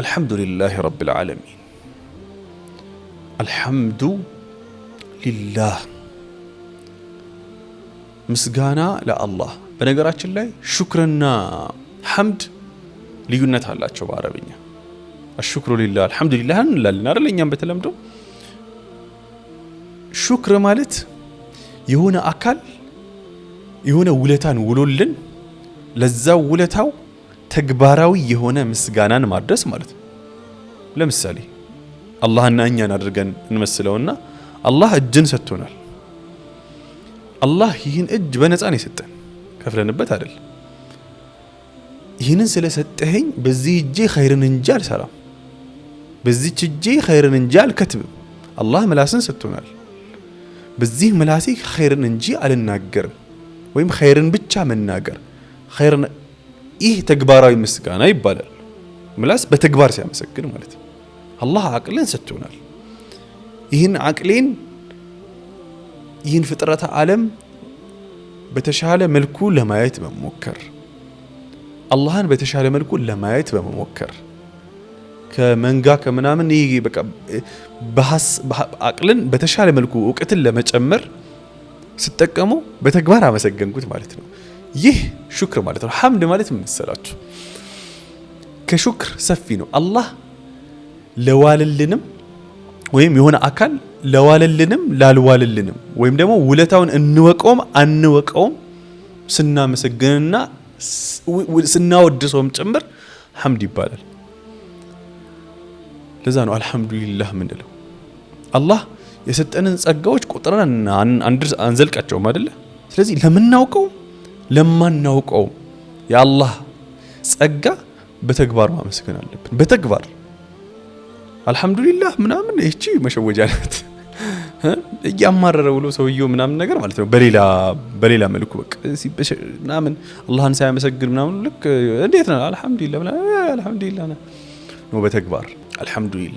አልሐምዱ ሊላህ ረብል ዓለሚን አልሐምዱ ሊላህ ምስጋና ለአላህ። በነገራችን ላይ ሹክርና ሐምድ ልዩነት አላቸው በአረብኛ አሹክሩ ሊላህ አልሐምዱሊላህ እንላለን አይደል? እኛም በተለምዶ ሹክር ማለት የሆነ አካል የሆነ ውለታን ውሎልን ለዛው ውለታው ተግባራዊ የሆነ ምስጋናን ማድረስ ማለት ነው። ለምሳሌ አላህና እኛን አድርገን እንመስለውና አላህ እጅን ሰጥቶናል። አላህ ይህን እጅ በነፃ ነው የሰጠን፣ ከፍለንበት አይደል። ይህንን ስለሰጠኸኝ በዚህ እጄ ኸይርን እንጂ አልሰራም፣ በዚች እጄ ኸይርን እንጂ አልከትብም። አላህ ምላስን ሰጥቶናል። በዚህ ምላሴ ኸይርን እንጂ አልናገርም፣ ወይም ኸይርን ብቻ መናገር ይህ ተግባራዊ ምስጋና ይባላል። ምላስ በተግባር ሲያመሰግን ማለት ነው። አላህ አቅልን ሰጥቶናል። ይህን አቅሌን ይህን ፍጥረተ ዓለም በተሻለ መልኩ ለማየት በመሞከር አላህን በተሻለ መልኩ ለማየት በመሞከር ከመንጋ ከምናምን ይህ አቅልን በተሻለ መልኩ እውቀትን ለመጨመር ስጠቀሙ በተግባር አመሰገንኩት ማለት ነው። ይህ ሹክር ማለት ነው። ሐምድ ማለት ምን መሰላችሁ? ከሹክር ሰፊ ነው። አላህ ለዋልልንም ወይም የሆነ አካል ለዋልልንም ላልዋልልንም ወይም ደግሞ ውለታውን እንወቀውም አንወቀውም ስናመሰግንና ስናወድሰውም ጭምር ሐምድ ይባላል። ለዛ ነው አልሐምዱሊላህ ምንለው። አላህ የሰጠንን ጸጋዎች ቁጥረን አንዘልቃቸውም አይደለ? ስለዚህ ለምናውቀው ለማናውቀው የአላህ ጸጋ በተግባር ማመስገን አለብን። በተግባር አልሐምዱሊላህ ምናምን ይቺ መሸወጃ ናት። እያማረረ ብሎ ሰውየው ምናምን ነገር ማለት ነው። በሌላ በሌላ መልኩ ምናምን አላህን ሳያመሰግን ምናምን ልክ እንዴት ነው አልሐምዱሊላህ ነው በተግባር አልሐምዱሊላህ